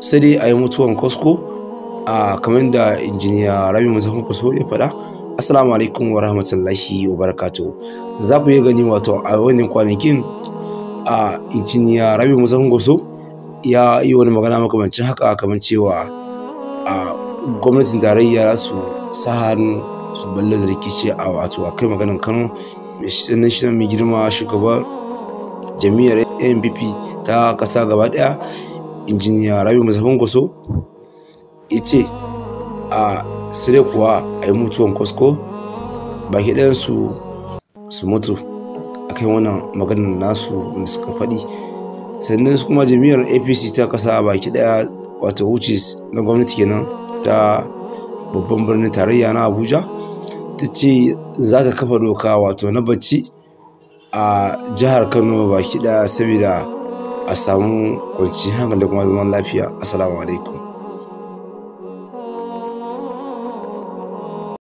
sai dai a yi mutuwan kosko a kamar da injiniya Rabi Musamman Kuso ya faɗa. Assalamu alaikum wa rahmatullahi wa barakatu Za ku yi gani wato a wannan kwanakin a injiniya Rabi Musamman Kuso ya yi wani magana makamancin haka kamar cewa a gwamnatin tarayya su sa hannu su balle da rikici a wato a kai maganin Kano. Sannan shi mai girma shugaban jami'ar NPP ta kasa gaba ɗaya injiniya rabi musafin gwaso ya ce a sire kuwa a yi mutuwan kwasko baki ɗayansu su mutu a kan wannan maganar nasu da suka faɗi sannan su kuma jami'ar apc ta kasa a baki ɗaya wato wuce na gwamnati kenan ta babban birnin tarayya na abuja ta ce za ta kafa doka wato na bacci a jihar kano baki ɗaya saboda a samu kwanciyar hankali da kuma zaman lafiya asalamu alaikum